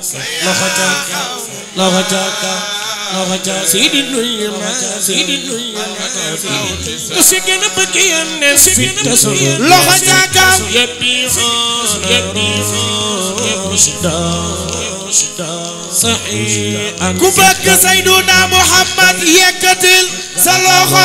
loxo caaka loxo caaka loxo caaka sidi nuyu ma sidi nuyu ma ku si gën a bëgg yéen ne fi tasul loxo caaka yebbi xool yebbi xool sida sida saxi ku bëgg Sayduna Muhammad yekkatil sa loxo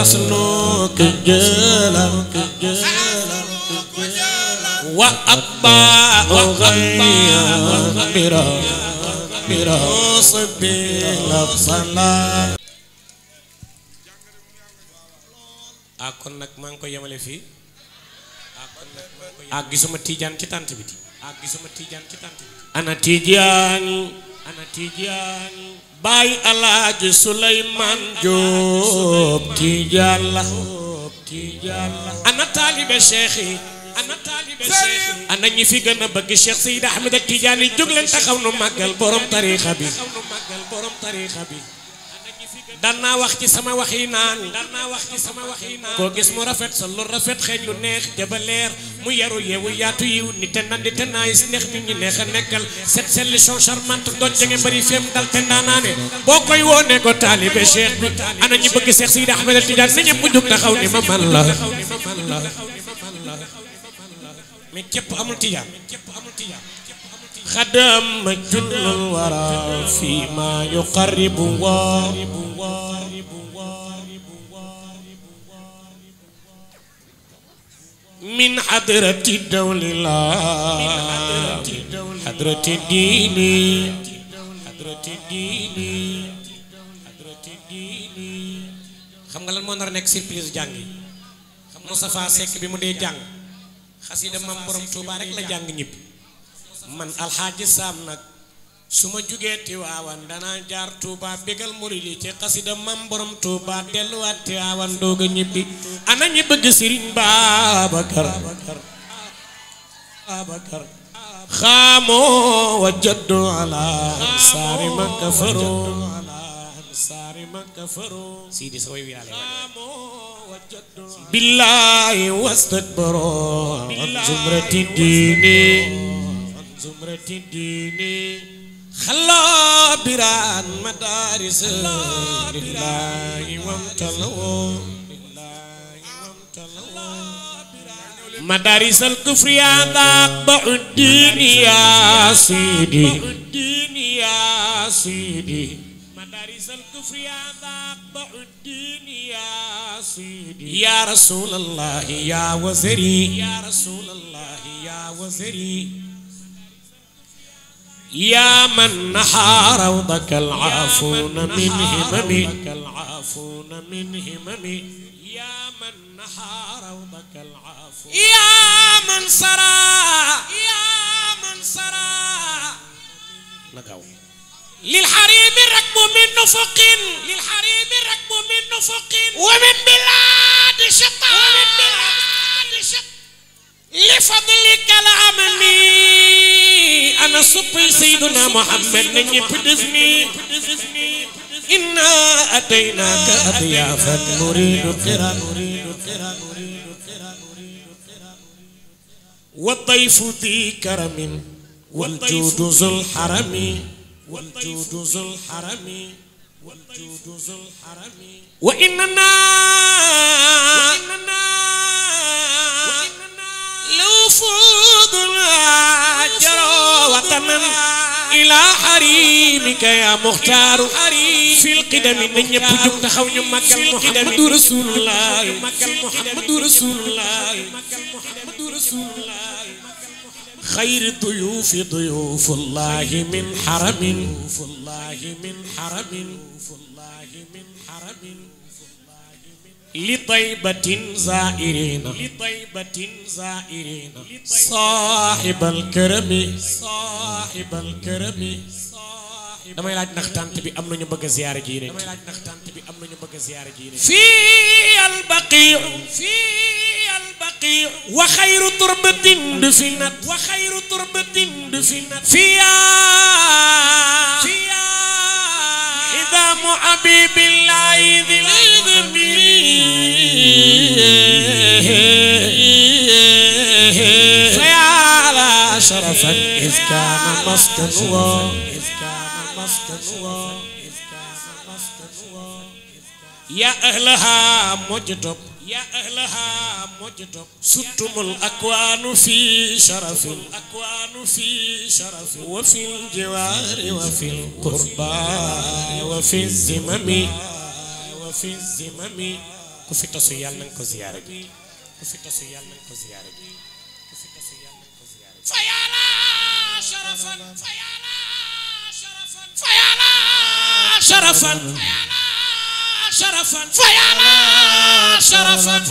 حسنك جلك وأبا وغيا برا kon nag maa ngi koy yemale fii ah kon ah, gisuma Tidiane ci tànt bi di ah, ci tànt ana Tidiane ana Tidiane baay alaaji suleymaan jóob tiijaan la ana taalibe cheikh yi ana ñi fi gën a bëgg cheikh seydi ahmed ak tiijaan yi jóg leen taxaw nu màggal borom tariixa bi danaa wax ci sama wax yi naan danaa wax ci sama wax yi naan koo gis mu rafet sa lu rafet xeeñ lu neex jaba leer mu yaru yeewu yaatu yiw ni te nandi te naayis neex nit ñi neex a nekkal set solution charmante doon jege bëri féem dal te ndaanaane boo koy woone ko taalibe cheikh bi ana ñi bëgg Cheikh Sidi Ahmed El Tidiane ni ñëpp mu jóg taxaw ni ma man la mais képp amul Tidiane خدم جل الورى فيما يقرب من حضرة الدول الله حضرة الدين حضرة الدين حضرة الدين xam nga lan moo nar a nekk surprise jàng yi Moustapha Seck bi mu dee jàng yi Maam Borom Touba rek la jàng ñibbi man Al saam nag su ma jugee tiwaawan dana jaar touba begal mouride ci qasida mam borom tuuba delluwaat tiwaawan doog a ñibbi ana ñi bëgg serigne babakar babakar khamo wa ala sari ma kafaroo saari ma kafaroo siidi sa wi زمرة خلا بران مدارس لله وامتلوا مدارس الكفر يا ذاق الدين يا سيدي الدين يا سيدي مدارس الكفر يا ذاق الدين يا سيدي يا رسول الله يا وزيري يا رسول الله يا وزيري يا من نحى روضك العافون من هممي العافون من يا من نحى روضك العافون يا من سرى يا من سرى للحريم ركب من نفق للحريم ركب من نفق ومن بلاد شطار ومن بلاد شطار لفضل ana soppay sayduna muhammad na ñëpp def nii inna ataynaaka adiyaafan nuridu xiran wa dayfu di karamin wal juudu zul xarami wal juudu zul xarami wal juudu zul xarami wa inna بفضلك يا مختار في القدم من يبجوك تخوني مكة محمد رسول الله محمد رسول الله محمد رسول الله خير ضيوف ضيوف الله من حرم الله من حرم الله من حرم لطيبة زائرين لطيبة زائرين صاحب الكرم صاحب الكرم صاحب damay laaj ndax tànt bi am nañu bëgg a ziyaare ji nekk fii albaqi fii albaqi wa xayru turbatin du fi nat wa xayru turbatin du fi nat fiyaa idaamu abibillahi dil idami فيا على شرفا إذ كان مسكن مسكنها يا أهلها مجدب يا أهلها مجدب ستم الأكوان في شرف الأكوان في شرف وفي الجوار وفي القربى وفي الزمم وفي الزمم كفي تسيال من كزيارة كفي تسيال من كزيارة كفي تسيال من كزيارة فيا لا شرفا فيا شرفا شرفا شرفا شرفا شرفا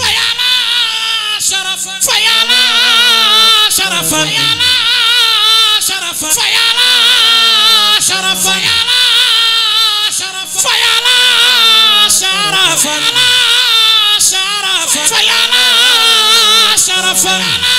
شرفا شرفا شرفا شرفا شرفا فيالا شرفا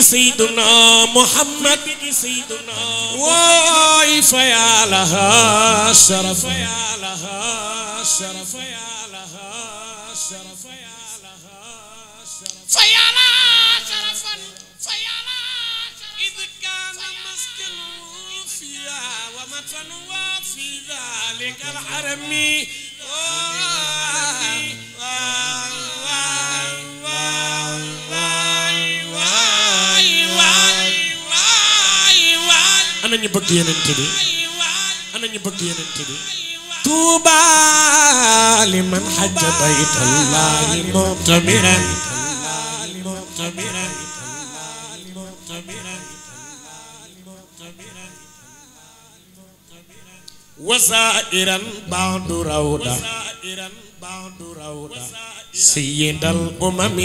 سيدنا محمد بك سيدنا واي فيا لها شرف يا لها شرف يا لها شرف يا لها شرف شرفا فيا لها كان مسكن فيها ومتن وفي ذلك الحرمي ñu bëgg yenent bi ana ñu bëgg yenent bi tuuba liman xajja baytallahi mu'tamiran وزائرا بعد روضة سيد الأمم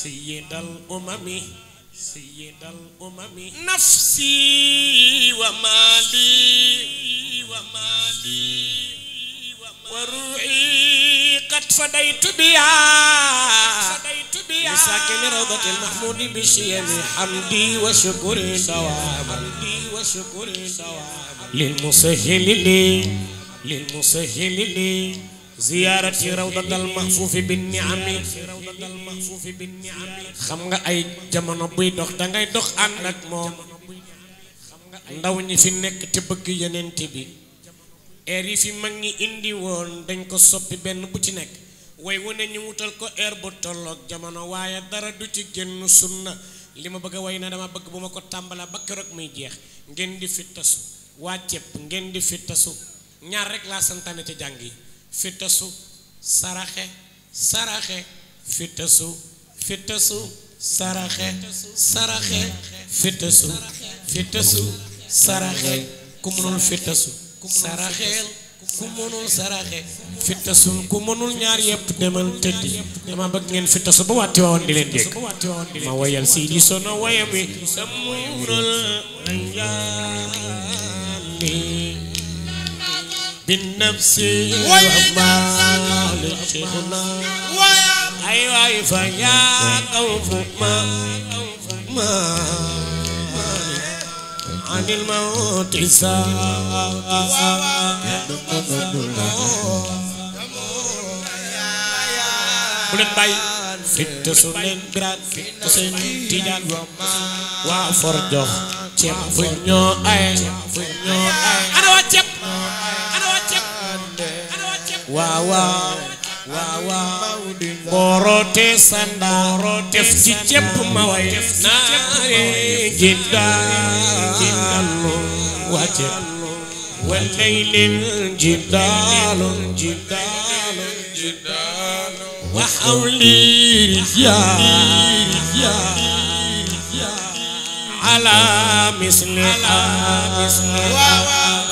سيد الأمم سيد الأمم نفسي ومالي ومالي وروحي قد فديت بها لساكن روضة المحمود بشيم حمدي وشكري دوام للمسهل لي للمسهل لي raw ziyaarati rawdatal maxfuufi bi niami xam nga ay jamono buy dox dangay dox ànd ak moom ndaw ñi fi nekk te bëgg yenent bi air yi fi mag ñi indi woon dañ ko soppi benn bu ci nekk way wane ñu wutal ko air bu tollook jamono waaye dara du ci génn sunna li ma bëgg a way na dama bëgg bu ma ko tàmbala ba keroog muy jeex ngeen di fi tasu waa ceeb ngeen di fi tasu ñaar rek laa santaane ci jàng yi fitasu saraxe saraxe fitasu fitasu saraxe saraxe fitasu fitasu saraxe ku mënul fitasu saraxeel ku mënul saraxe fitasul ku mënul ñaar yëpp demal tëddi dama bëgg ngeen fitasu ba wàtti waawoon di leen dégg ma wayal si di sono wayam wi samuy wural من نفسي ومالي شيخنا أيوة فيا خوف ما ما عن الموت ساعة bu leen bàyyi fit te su leen biraat fit te seen tijaan waa for jox ceeb fu ñoo ay ceeb fu ñoo ay waaw waaw waaw boorootee sandaa def ci ceeb ma way naaree jiddaal wàcce walaylin jiddaal jiddaal jiddaal wa hawli yaa alaa misli alaa misli waaw waaw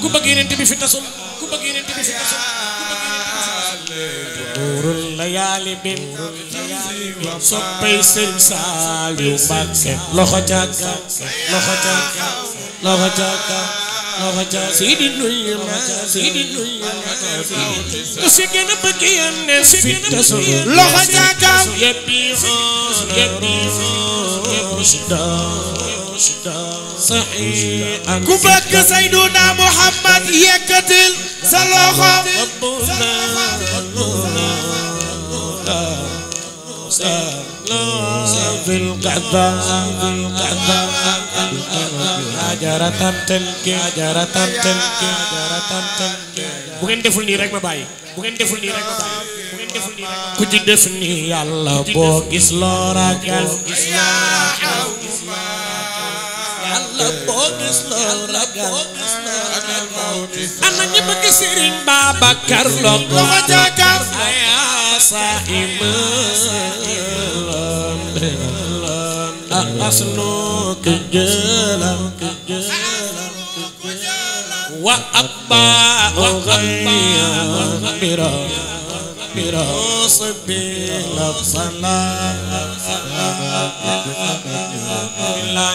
ku bëgg yeneen bi fi tasul bëgg yeneen bi si kaso buurul layaali bi soppay sëñ Saaliw Mbàkke loxo càkka loxo càkka loxo càkka loxo càkka sidi nuyu ma sidi nuyu ma ku si gën a bëgg yeneen fi tasu loxo càkka yebbi xool yebbi xool yebbi صحيح ku bëgg Seydina Muhammad yëkkatil sa loxo في القعدة في القعدة حجرة تلك حجرة تلك حجرة تلك bu ngeen deful nii rek ma bàyyi bu ngeen deful nii rek ma bàyyi ku ci def nii yàlla boo gis loo ragal gis loo ragal Anaknya pakai sering babakar ñi bëgg sëriñ wa abba wa oh, mira oh, oh, mira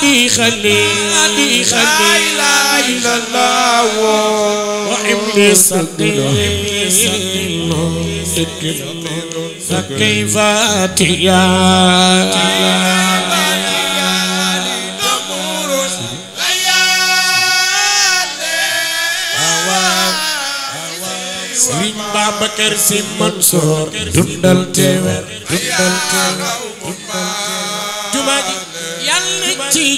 دي خلي دي خلي لا إله إلا الله وإبليس سكينة سكينة فكيف تيا سيما بكر سيما سور دندل تيور دندل تيور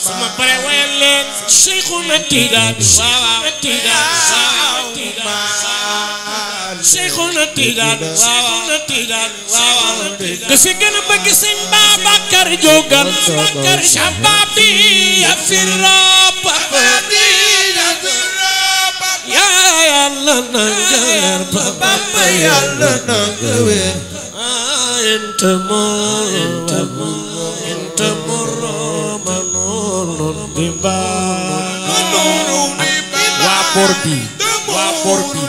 suma pare wayal leen Cheikhuna Tidiane waaw Tidiane Cheikhuna Tidiane Cheikhuna Tidiane waaw ku si gën a bëgg sëñ Babacar jógal Babacar shababi ya firab ya yàlla na nga wér Baba yàlla na nga wér ente moo ente moo تمر منون دبا وابورتي وابورتي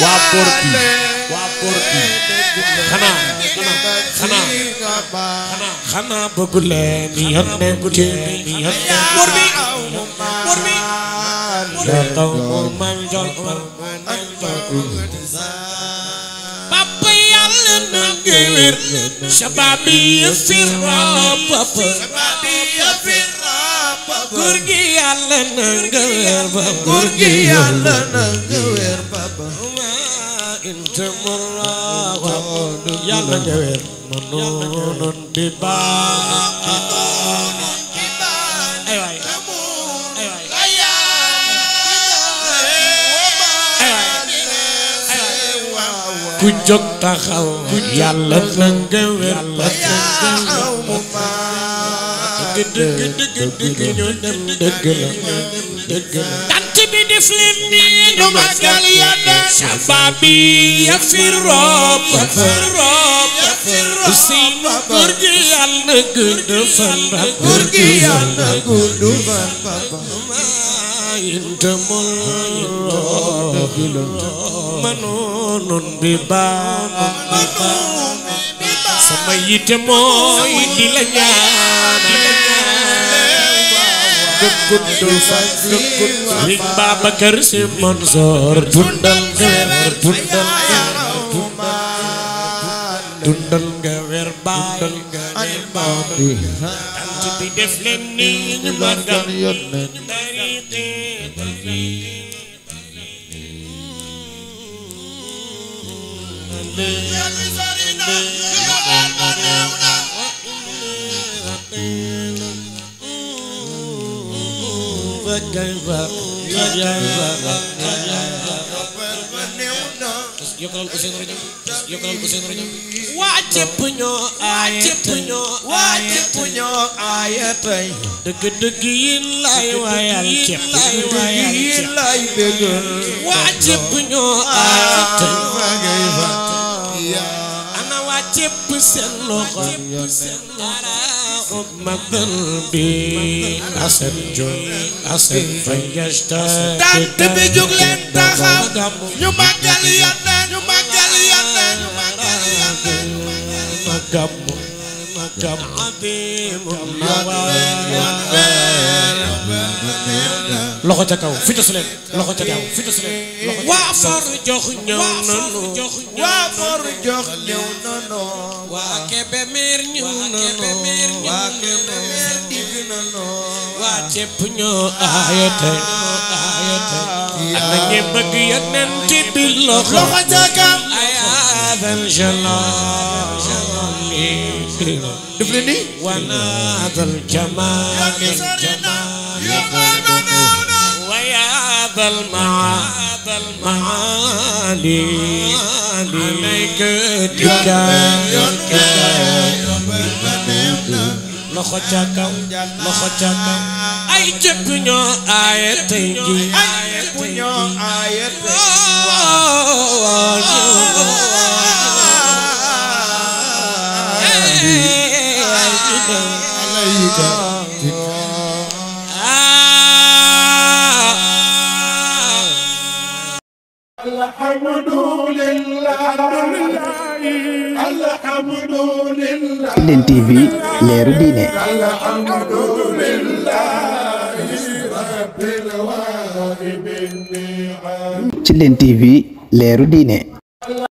وابورتي وابورتي خنا خنا خنا خنا بغلين ينبتين بوربي بوربي لا قوم من جل من جل نغير شبابي يسير رابب شبابي يسير رابب غورغي يالا نغير بابا غورغي يالا نغير بابا انت مرا يالا نغير منون دبا ku jóg taxaw yàlla na nga wér dëgg dëgg dëgg ñu dem dëgg la dëgg la tant bi def leen ni ñu magal yàlla sababi ya fi rob ya fi rob ya fi rob sinu góor gi yàlla na gudd fan góor gi yàlla na gudd fan papa intamul mënoon bi baax sama yitte mooy di la ñaan dëkkuttu fa dëkkuttu Sëriñ Babacar Si Mansoor dundal nga weer dundal nga dundal nga weer baay nga ne maam bi tant bi def leen nii ñu màggal waa cëpp ñoo aaye tey dëgg dëgg yi lay wayal cëpp waa cëpp ñoo aaye tey ana waa cépp seen loxo ara ub magal bi aset jo aset fa njasta tant bi jóg leen taxaw ñu magal yàlla ñu magal yàlla ñu magal yàlla magam magam adim mawaa loxo ca kaw fitta su leen loxo ca kaw fitta su leen waa for jox ñëw nanu waa for jox ñëw nanu waa kebe meer ñëw nanu waa kebe meer digg nanu waa cepp ñoo aayate aayate ak na ñi bëgg ya nen ci di loxo loxo ca kaw ay aadal jalaali def leen ni wanaa dal jamaal jamaal هذا المعالي عليك دكا loxo ca kaw loxo ca kaw ay jëpp ñoo aaye tey ji ay jëpp ñoo aaye tey Arden TV leeru diine ci Arden TV leeru diine